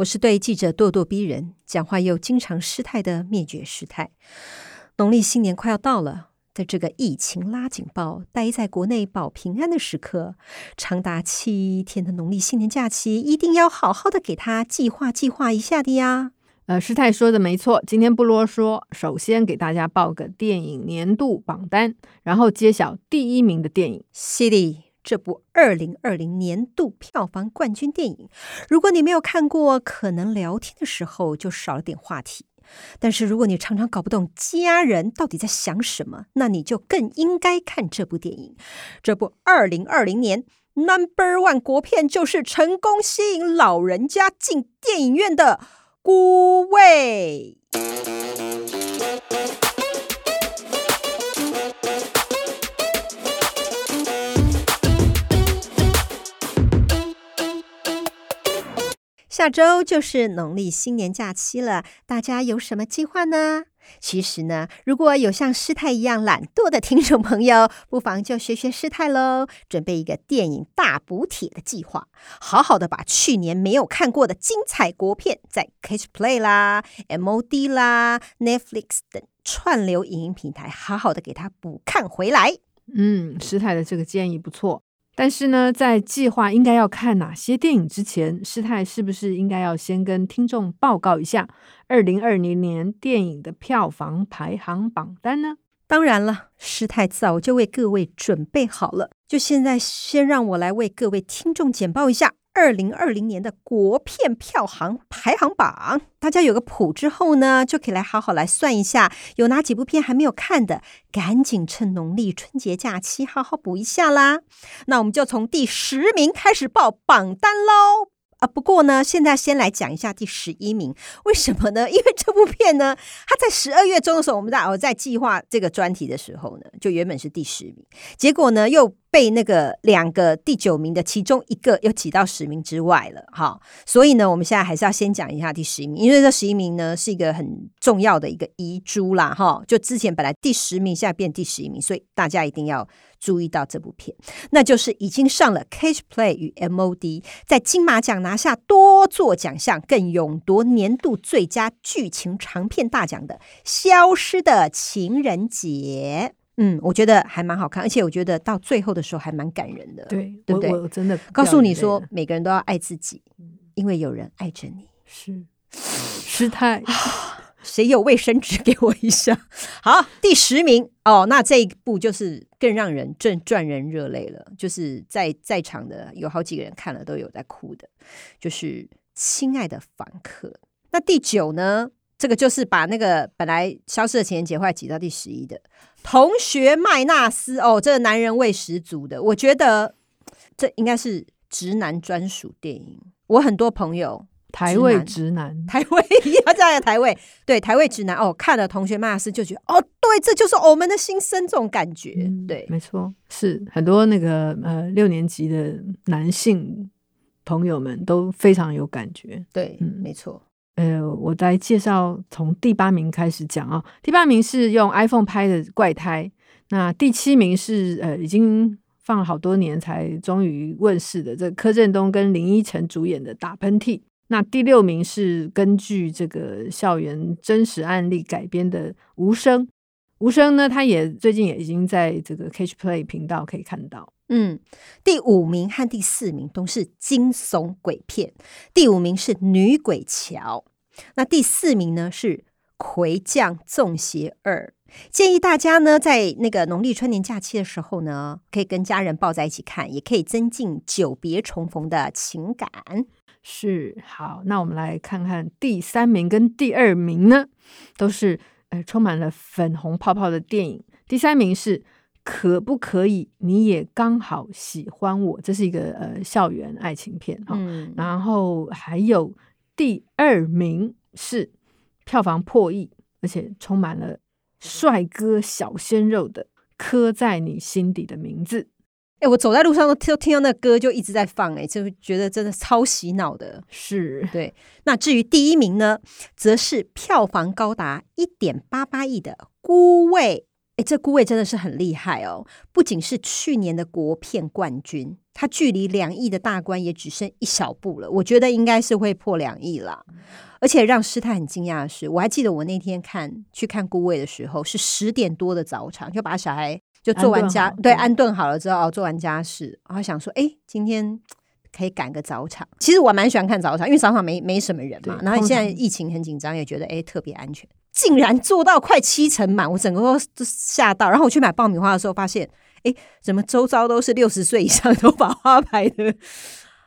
我是對記者咄咄逼人、講話又經常失態的滅絕師太。農曆新年快要到了，在這個疫情拉警報、待在國內保平安的時刻，長達七天的農曆新年假期，一定要好好的給他計劃計劃一下的呀！呃，師太說的沒錯，今天不囉嗦，首先給大家報個電影年度榜單，然後揭曉第一名的電影《CD 這部二零二零年度票房冠軍電影，如果你沒有看過，可能聊天的時候就少了點話題。但是如果你常常搞不懂家人到底在想什麼，那你就更應該看這部電影。這部二零二零年 Number One 國片，就是成功吸引老人家進電影院的《孤味》。下週就是農曆新年假期了，大家有什麼計劃呢？其實呢，如果有像師太一樣懶惰的聽眾朋友，不妨就學學師太嘍，準備一個電影大補帖的計劃，好好的把去年沒有看過的精彩國片，在 Catch Play 啦、MOD 啦、Netflix 等串流影音平台，好好的給它補看回來。嗯，師太的這個建議不錯。但是呢，在計劃應該要看哪些電影之前，師太是不是應該要先跟聽眾報告一下二零二零年電影的票房排行榜單呢？當然了，師太早就為各位準備好了，就現在先讓我來為各位聽眾簡報一下。二零二零年的國片票房排行榜，大家有個譜之後呢，就可以來好好來算一下，有哪幾部片還沒有看的，趕緊趁農曆春節假期好好補一下啦。那我們就從第十名開始報榜單嘍。啊，不過呢，現在先來講一下第十一名，為什麼呢？因為這部片呢，它在十二月中的時候，我們在在計劃這個專題的時候呢，就原本是第十名，結果呢又。被那個兩個第九名的其中一個又擠到十名之外了，哈。所以呢，我們現在還是要先講一下第十一名，因為這十一名呢是一個很重要的一個遺珠啦，哈。就之前本來第十名，現在變第十一名，所以大家一定要注意到這部片，那就是已經上了 Catch Play 與 MOD，在金馬獎拿下多座獎項，更勇奪年度最佳劇情長片大獎的《消失的情人節》。嗯，我覺得還蠻好看，而且我覺得到最後的時候還蠻感人的，對，對不對？我我真的告訴你說，每個人都要愛自己，嗯、因為有人愛着你。是失態、啊，誰有衛生紙給我一下？ 好，第十名哦，那這一部就是更讓人賺、賺人熱淚了，就是在在場的有好幾個人看了都有在哭的，就是《親愛的房客》。那第九呢？這個就是把那個本來消失的情人節，後來擠到第十一的《同學麥納斯》哦，這個、男人味十足的，我覺得這應該是直男專屬電影。我很多朋友台味直男，台味，要這樣台味 對台味直男哦，看了《同學麥納斯》就覺得哦，對，這就是我們的心聲這種感覺。嗯、對，沒錯，是很多那個呃六年級的男性朋友們都非常有感覺。對，嗯、沒錯。呃，我再介紹，從第八名開始講啊、哦。第八名是用 iPhone 拍的怪胎。那第七名是呃，已經放了好多年才終於問世的這柯震東跟林依晨主演的《打噴嚏》。那第六名是根據這個校園真實案例改編的《無聲》。《無聲》呢，他也最近也已經在這個 CatchPlay 頻道可以看到，嗯，第五名和第四名都是驚悚鬼片，第五名是《女鬼橋》，那第四名呢是《魁將粽邪二》，建議大家呢在那個農曆春年假期的時候呢，可以跟家人抱在一起看，也可以增進久別重逢的情感。是，好，那我們來看看第三名跟第二名呢，都是。呃，充滿了粉紅泡泡的電影。第三名是《可不可以你也剛好喜歡我》，這是一個呃校園愛情片啊。哦，嗯，然後還有第二名是票房破億，而且充滿了帥哥小鮮肉的《刻在你心底的名字》。哎、欸，我走在路上都聽到那個歌，就一直在放，欸，哎，就覺得真的超洗腦的。是對。那至於第一名呢，則是票房高達一點八八億的《孤味》欸。哎，這《孤味》真的是很厲害哦，喔，不僅是去年的國片冠軍，它距離兩億的大關也只剩一小步了。我覺得應該是會破兩億了。而且讓師太很驚訝的是，我還記得我那天看去看《孤味》的時候是十點多的早場，就把小孩。就做完家對安頓好了之後哦，做完家事，然後想說，哎，今天可以趕個早場。其實我蠻喜歡看早場，因為早場沒沒什麼人嘛。然後現在疫情很緊張，也覺得哎、欸、特別安全。竟然坐到快七成滿，我整個都嚇到。然後我去買爆米花的時候，發現哎、欸，怎麼周遭都是六十歲以上都把花牌的，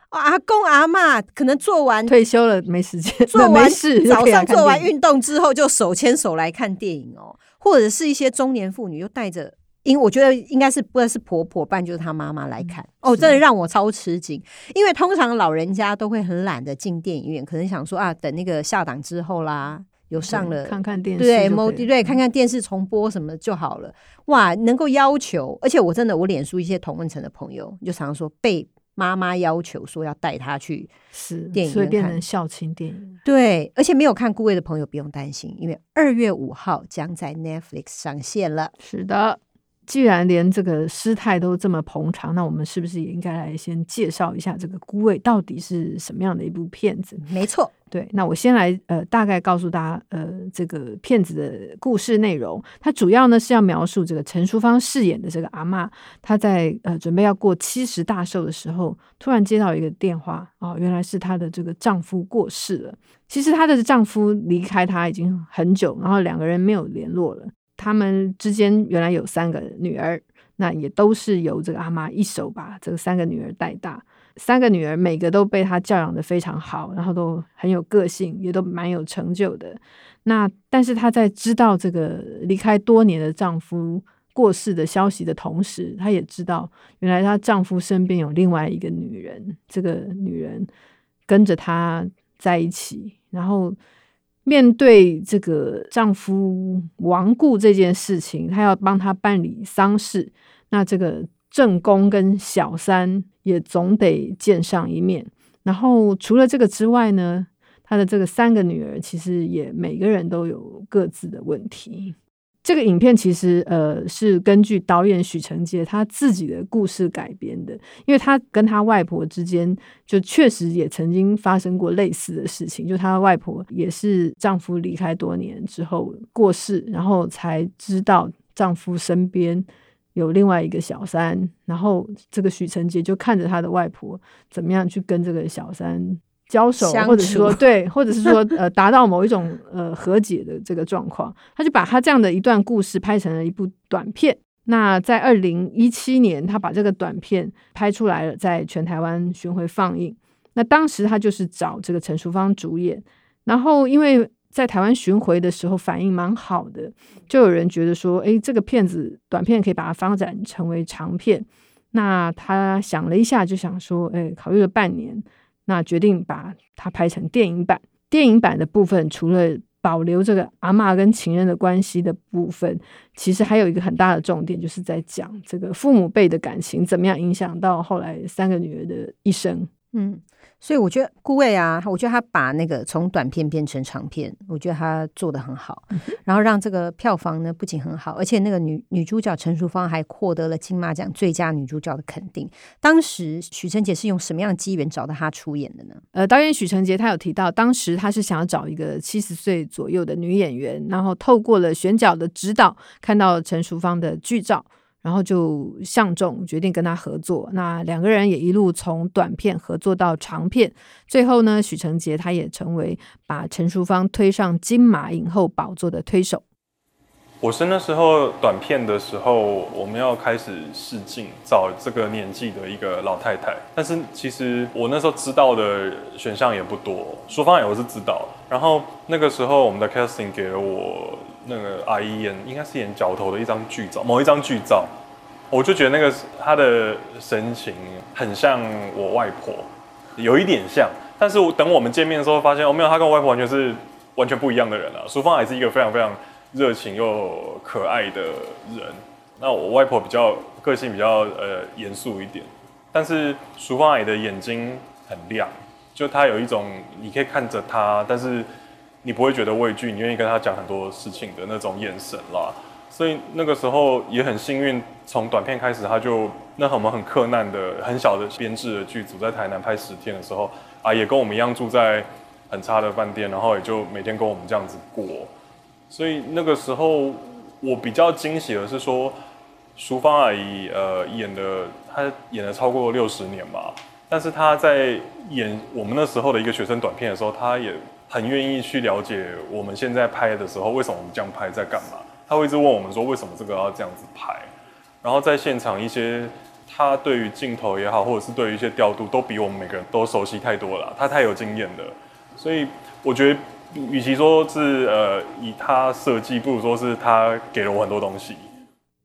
阿公阿媽可能做完退休了沒時間，做完事早上做完運動之後就手牽手來看電影哦，、喔，或者是一些中年婦女又帶着。因我覺得應該是，不是婆婆伴就是她媽媽來看、嗯、哦，真的讓我超吃驚。因為通常老人家都會很懶得進電影院，可能想說啊，等那個下檔之後啦，有上了、嗯、看看電視，對，某對，對看看電視重播什麼就好了。嗯、哇，能夠要求，而且我真的，我臉書一些同溫層的朋友就常說，被媽媽要求說要帶她去是電影院看孝親電影、嗯。對，而且沒有看孤味的朋友不用擔心，因為二月五號將在 Netflix 上線了。是的。既然連這個師太都這麼捧場，那我們是不是也應該來先介紹一下這個《孤味》到底是什麼樣的一部片子？沒錯，對，那我先來呃，大概告訴大家呃，這個片子的故事內容。它主要呢是要描述這個陳淑芳飾演的這個阿嬤，她在呃準備要過七十大壽的時候，突然接到一個電話哦，原來是她的這個丈夫過世了。其實她的丈夫離開她已經很久，然後兩個人沒有聯絡了。他們之間原來有三個女兒，那也都是由這個阿媽一手把這個三個女兒帶大。三個女兒每個都被她教養得非常好，然後都很有個性，也都蠻有成就的。那但是她在知道這個離開多年的丈夫過世的消息的同時，她也知道原來她丈夫身邊有另外一個女人，這個女人跟着她在一起，然後。面對這個丈夫亡故這件事情，她要幫他辦理喪事，那這個正宮跟小三也總得見上一面。然後除了這個之外呢，她的這個三個女兒其實也每個人都有各自的問題。這個影片其實呃是根據導演許承傑他自己的故事改編的，因為他跟他外婆之間就確實也曾經發生過類似的事情，就他的外婆也是丈夫離開多年之後過世，然後才知道丈夫身邊有另外一個小三，然後這個許承傑就看着他的外婆怎麼樣去跟這個小三。交手，或者是說對，或者是說呃，達到某一種 呃和解的這個狀況，他就把他這樣的一段故事拍成了一部短片。那在二零一七年，他把這個短片拍出來了，在全台灣巡回放映。那當時他就是找這個陳淑芳主演，然後因為在台灣巡回的時候反應蠻好的，就有人覺得說，誒、欸，這個片子短片可以把它發展成為長片。那他想了一下，就想說，誒、欸，考慮了半年。那決定把它拍成電影版。電影版的部分，除了保留這個阿嬤跟情人的關係的部分，其實還有一個很大的重點，就是在講這個父母輩的感情怎麼樣影響到後來三個女兒的一生。嗯，所以我覺得孤味啊，我覺得他把那個從短片變成長片，我覺得他做的很好，嗯、哼然後讓這個票房呢不僅很好，而且那個女女主角陳淑芳還獲得了金馬獎最佳女主角的肯定。當時許承傑是用什麼樣的機緣找到她出演的呢？呃，導演許承傑他有提到，當時他是想要找一個七十歲左右的女演員，然後透過了選角的指導，看到陳淑芳的劇照。然後就相中，決定跟他合作。那兩個人也一路從短片合作到長片，最後呢，許承傑他也成為把陳淑芳推上金馬影后寶座的推手。我是那時候，短片的時候，我們要開始試鏡找這個年紀的一個老太太，但是其實我那時候知道的選項也不多，淑芳也我是知道。然後那個時候，我們的 casting 給了我。那個阿姨演應該是演角頭的一張劇照，某一張劇照，我就覺得那個她的神情很像我外婆，有一點像。但是等我們見面的時候，發現哦沒有，她跟我外婆完全是完全不一樣的人啊。淑芳阿姨是一個非常非常熱情又可愛的人，那我外婆比較個性比較呃嚴肅一點，但是淑芳阿姨的眼睛很亮，就她有一種你可以看着她，但是。你不會覺得畏懼，你願意跟他講很多事情的那種眼神啦，所以那個時候也很幸運，從短片開始他就那我們很克難的、很小的編制的劇組在台南拍十天的時候啊，也跟我們一樣住在很差的飯店，然後也就每天跟我們這樣子過。所以那個時候我比較驚喜的是說，淑芳阿姨呃演的，她演了超過六十年吧，但是她在演我們那時候的一個學生短片的時候，她也。很願意去了解我們現在拍的時候，為什麼我們這樣拍在幹嘛？他會一直問我們說，為什麼這個要這樣子拍？然後在現場一些他對於鏡頭也好，或者是對於一些調度，都比我們每個人都熟悉太多了。他太有經驗了，所以我覺得，與其說是呃以他設計，不如說是他給了我很多東西。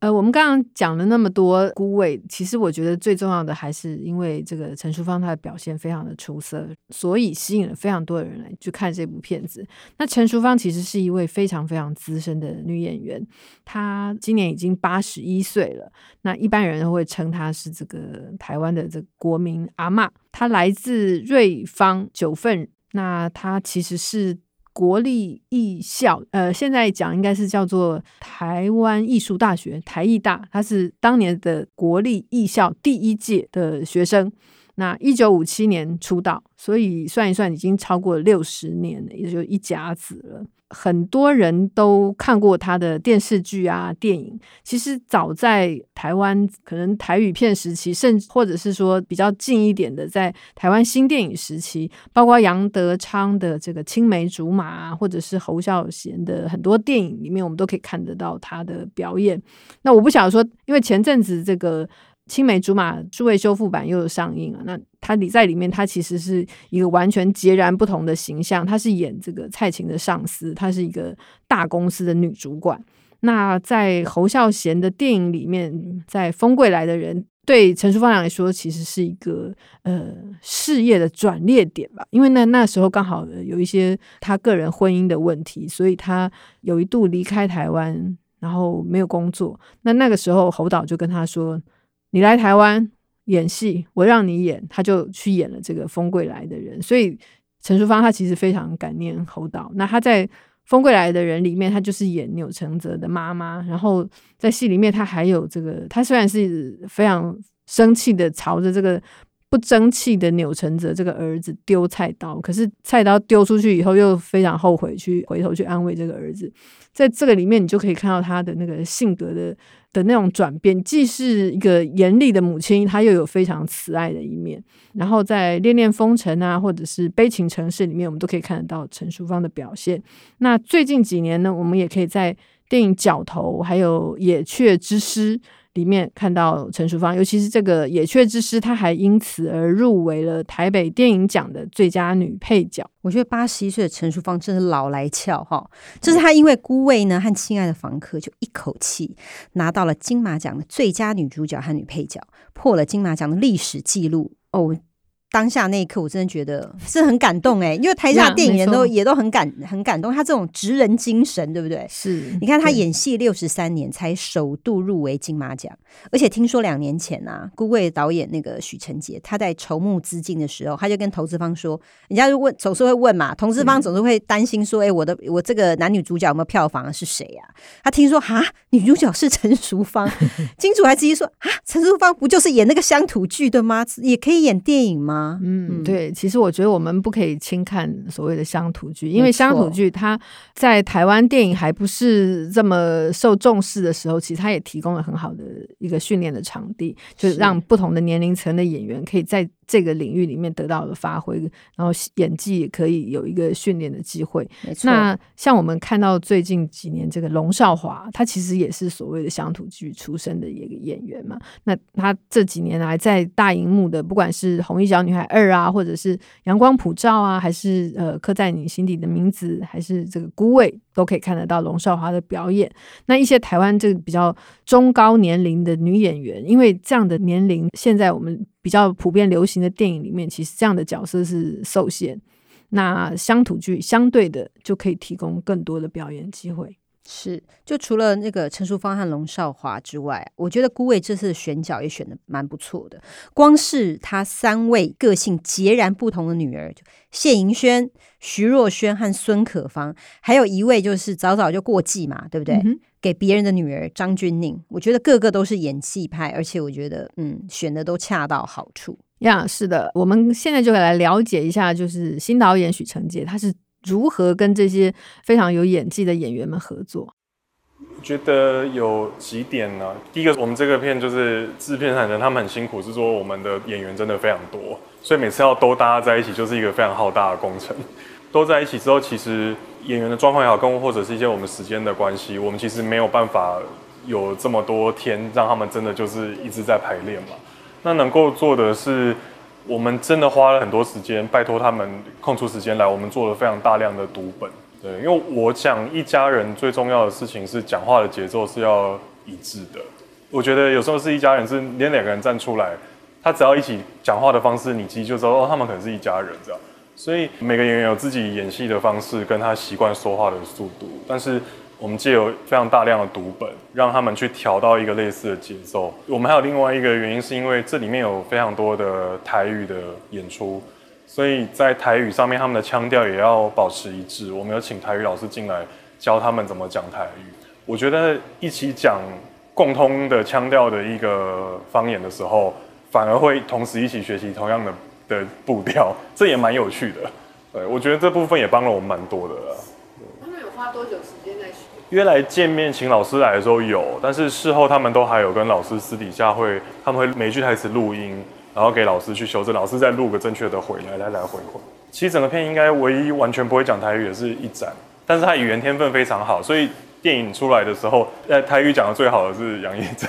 呃，我們剛剛講了那麼多孤味，其實我覺得最重要的還是因為這個陳淑芳她的表現非常的出色，所以吸引了非常多的人來去看這部片子。那陳淑芳其實是一位非常非常資深的女演員，她今年已經八十一歲了。那一般人都會稱她是這個台灣的這個國民阿嬤，她來自瑞芳九份，那她其實是。國立藝校，呃，現在講應該是叫做台灣藝術大學，台藝大，他是當年的國立藝校第一屆的學生。那一九五七年出道，所以算一算，已經超過六十年了，也就一甲子了。很多人都看過他的電視劇啊、電影。其實早在台灣可能台語片時期，甚至或者是說比較近一點的，在台灣新電影時期，包括楊德昌的這個《青梅竹馬》啊，或者是侯孝賢的很多電影裡面，我們都可以看得到他的表演。那我不曉得說，因為前陣子這個。《青梅竹馬》數位修復版又有上映了。啊，那他裡在裡面，他其實是一個完全截然不同的形象。他是演這個蔡琴的上司，他是一個大公司的女主管。那在侯孝賢的電影裡面，在《風櫃來的人》，對陳淑芳來說，其實是一個呃事業的轉捩點吧。因為那那時候剛好有一些他個人婚姻的問題，所以他有一度離開臺灣，然後沒有工作。那那個時候，侯導就跟他說。你來台灣演戲，我讓你演，他就去演了這個《風櫃來的人》。所以陳淑芳她其實非常感念侯導。那他在《風櫃來的人》裡面，他就是演鈕承澤的媽媽。然後在戲裡面，他還有這個，他雖然是非常生氣的朝着這個。不爭氣的鈕承澤這個兒子丟菜刀，可是菜刀丟出去以後又非常後悔，去回頭去安慰這個兒子。在這個裡面，你就可以看到他的那個性格的的那種轉變，既是一個嚴厲的母親，她又有非常慈愛的一面。然後在《戀戀風塵》啊，或者是《悲情城市》裡面，我們都可以看得到陳淑芳的表現。那最近幾年呢，我們也可以在電影《角頭》還有《野雀之詩》。裡面看到陳淑芳，尤其是這個《野雀之詩》，她還因此而入圍了台北電影獎的最佳女配角。我覺得八十一歲的陳淑芳真是老來俏哈！就、嗯、是她因為《孤味》呢和《親愛的房客》就一口氣拿到了金馬獎的最佳女主角和女配角，破了金馬獎的歷史記錄哦。當下那一刻，我真的覺得是很感動哎、欸，因為台下的電影人都也都很感很感動。他這種職人精神，對不對？是，你看他演戲六十三年才首度入圍金馬獎，而且聽說兩年前啊，孤味導演那個許承傑，他在籌募資金的時候，他就跟投資方說，人家就問總是會問嘛，投資方總是會擔心說，哎，我的我這個男女主角有沒有票房、啊、是誰啊？他聽說啊，女主角是陳淑芳，金主還直接說啊，陳淑芳不就是演那個鄉土劇的嗎？也可以演電影嗎？嗯，對，其實我覺得我們不可以輕看所謂的鄉土劇，因為鄉土劇它在台灣電影還不是這麼受重視的時候，其實它也提供了很好的一個訓練的場地，就是讓不同的年齡層的演員可以在這個領域裡面得到了發揮，然後演技也可以有一個訓練的機會。沒錯。那像我們看到最近幾年這個龍劭華，他其實也是所謂的鄉土劇出身的一個演員嘛，那他這幾年來在大熒幕的，不管是紅衣小女孩二啊，或者是陽光普照啊，還是呃刻在你心底的名字，還是這個孤味，都可以看得到龍劭華的表演。那一些台灣這個比較中高年齡的女演員，因為這樣的年齡，現在我們比較普遍流行的電影裡面，其實這樣的角色是受限。那鄉土劇相對的就可以提供更多的表演機會。是，就除了那個陳淑芳和龍劭華之外，我覺得孤味這次的選角也選的蠻不錯的。光是他三位個性截然不同的女兒，就謝盈萱、徐若瑄和孫可芳，還有一位就是早早就過繼嘛，對不對？嗯、哼給別人的女兒張鈞寧，我覺得個個都是演技派，而且我覺得嗯，選的都恰到好處。呀，yeah, 是的，我們現在就來了解一下，就是新導演許承杰，他是。如何跟這些非常有演技的演員們合作？我覺得有幾點呢，啊？第一個，我們這個片就是製片人他們很辛苦，是說我們的演員真的非常多，所以每次要都搭在一起就是一個非常浩大的工程。都在一起之後，其實演員的狀況也好，跟或者是一些我們時間的關係，我們其實沒有辦法有這麼多天讓他們真的就是一直在排練嘛。那能夠做的是。我們真的花了很多時間，拜託他們空出時間來，我們做了非常大量的讀本。對，因為我講一家人最重要的事情是講話的節奏是要一致的。我覺得有時候是一家人，是連兩個人站出來，他只要一起講話的方式，你自己就知道哦，他們可能是一家人這樣。所以每個演員有自己演戲的方式，跟他習慣說話的速度，但是。我們藉由非常大量的讀本，讓他們去調到一個類似的節奏。我們還有另外一個原因，是因為這裡面有非常多的台語的演出，所以在台語上面，他們的腔調也要保持一致。我們有請台語老師進來教他們怎麼講台語。我覺得一起講共通的腔調的一個方言的時候，反而會同時一起學習同樣的的步調，這也蠻有趣的。對，我覺得這部分也幫了我們蠻多的了。約來見面，請老師來的時候有，但是事後，他們都還有跟老師私底下會，他們會每一句台詞錄音，然後給老師去修正，老師再錄個正確的回來來來回回。其實整個片應該唯一完全不會講台語的是一展，但是他語言天分非常好，所以電影出來的時候，台語講的最好的是楊一展，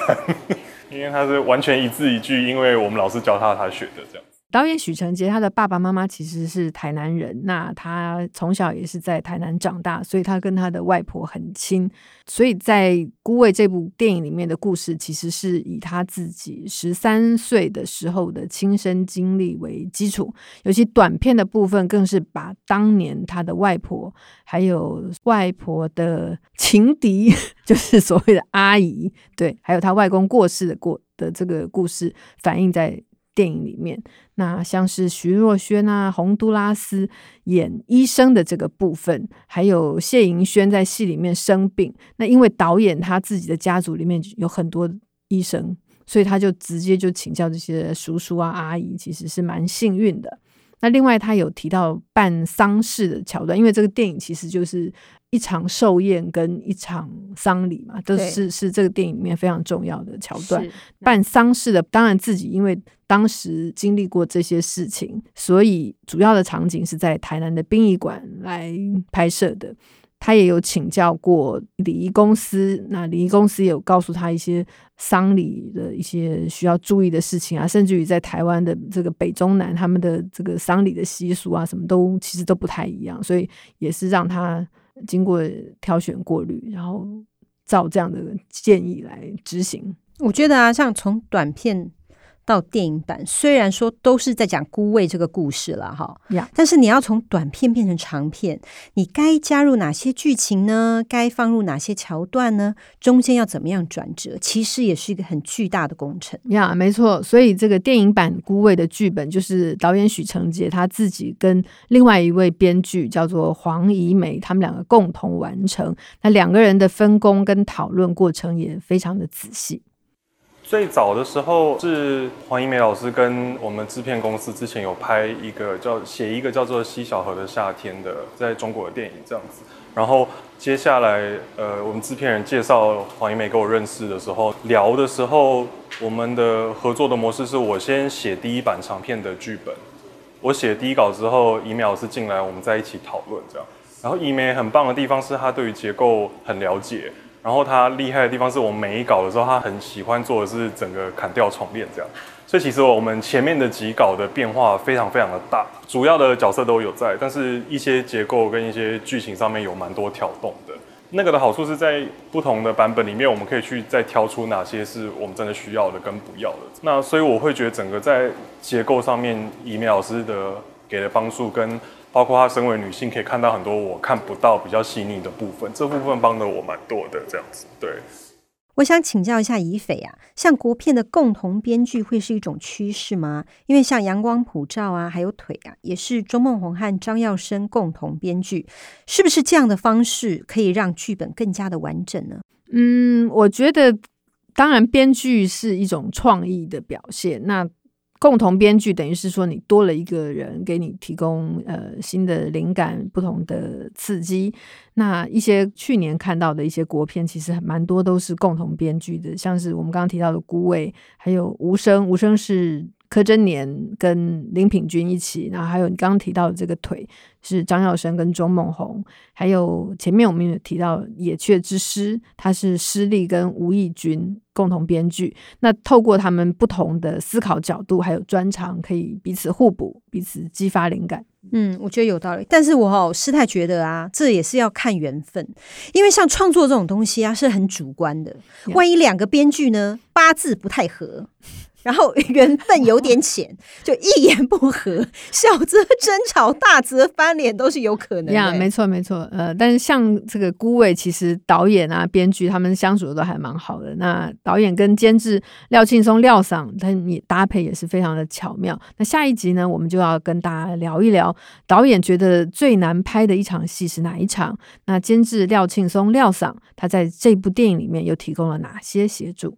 因為他是完全一字一句，因為我們老師教他，他學的這樣。導演許承杰，他的爸爸媽媽其實是台南人，那他從小也是在台南長大，所以他跟他的外婆很親。所以在《孤味》這部電影裡面的故事，其實是以他自己十三歲的時候的親身經歷為基礎，尤其短片的部分，更是把當年他的外婆還有外婆的情敵，就是所謂的阿姨，對，還有他外公過世的過的這個故事反映在。電影裡面，那像是徐若瑄啊、洪都拉斯演醫生的這個部分，還有謝盈萱在戲裡面生病，那因為導演他自己的家族裡面有很多醫生，所以他就直接就請教這些叔叔啊、阿姨，其實是蠻幸運的。那另外，他有提到辦喪事的橋段，因為這個電影其實就是一場壽宴跟一場喪禮嘛，都是對是這個電影裡面非常重要的橋段。辦喪事的，當然自己因為當時經歷過這些事情，所以主要的場景是在台南的殯儀館來拍攝的。他也有請教過禮儀公司，那禮儀公司也有告訴他一些喪禮的一些需要注意的事情啊，甚至於在台灣的這個北中南，他們的這個喪禮的習俗啊，什麼都其實都不太一樣，所以也是讓他經過挑選過濾，然後照這樣的建議來執行。我覺得啊，像從短片到電影版，雖然說都是在講孤味這個故事了哈，Yeah. 但是你要從短片變成長片，你該加入哪些劇情呢？該放入哪些橋段呢？中間要怎麼樣轉折？其實也是一個很巨大的工程。呀，yeah, 沒錯，所以這個電影版孤味的劇本，就是導演許承杰他自己跟另外一位編劇叫做黃怡美，他們兩個共同完成。那兩個人的分工跟討論過程也非常的仔細。最早的時候是黃怡玫老師跟我們製片公司之前有拍一個叫，寫一個叫做《西小河的夏天》的在中國的電影這樣子，然後接下來呃我們製片人介紹黃怡玫跟我認識的時候，聊的時候，我們的合作的模式是我先寫第一版長片的劇本，我寫第一稿之後，怡玫老師進來，我們在一起討論這樣，然後怡玫很棒的地方是她對於結構很了解。然後他厲害的地方是，我們每一稿的時候，他很喜歡做的是整個砍掉重練這樣。所以其實我們前面的幾稿的變化非常非常的大，主要的角色都有在，但是一些結構跟一些劇情上面有蠻多挑動的。那個的好處是在不同的版本裡面，我們可以去再挑出哪些是我們真的需要的跟不要的。那所以我會覺得整個在結構上面，怡玫老師的給的幫助跟。包括她身為女性，可以看到很多我看不到比較細膩的部分，這部分幫了我蠻多的，這樣子。對，我想請教一下乙斐啊，像國片的共同編劇會是一種趨勢嗎？因為像《陽光普照》啊，還有《腿》啊，也是鍾孟宏和張耀升共同編劇，是不是這樣的方式可以讓劇本更加的完整呢？嗯，我覺得當然，編劇是一種創意的表現，那。共同編劇等於是說，你多了一個人給你提供呃新的靈感、不同的刺激。那一些去年看到的一些國片，其實還蠻多都是共同編劇的，像是我們剛剛提到的《孤味》，還有《無聲》。《無聲》是柯貞年跟林品君一起，然後還有你剛剛提到的這個腿是張耀升跟鍾孟宏還有前面我們有提到《野雀之死》，他是施立跟吳義君共同編劇。那透過他們不同的思考角度，還有專長，可以彼此互補，彼此激發靈感。嗯，我覺得有道理。但是我、哦、師太覺得啊，這也是要看緣分，因為像創作這種東西啊，是很主觀的。萬一兩個編劇呢八字不太合。然後緣分有點淺，就一言不合， 小則爭吵，大則翻臉，都是有可能的。呀，yeah, 沒錯沒錯，呃，但是像這個孤味，其實導演啊、編劇他們相處的都還蠻好的。那導演跟監製廖慶松、廖桑，他你搭配也是非常的巧妙。那下一集呢，我們就要跟大家聊一聊，導演覺得最難拍的一場戲是哪一場？那監製廖慶松、廖桑，他在這部電影裡面又提供了哪些協助？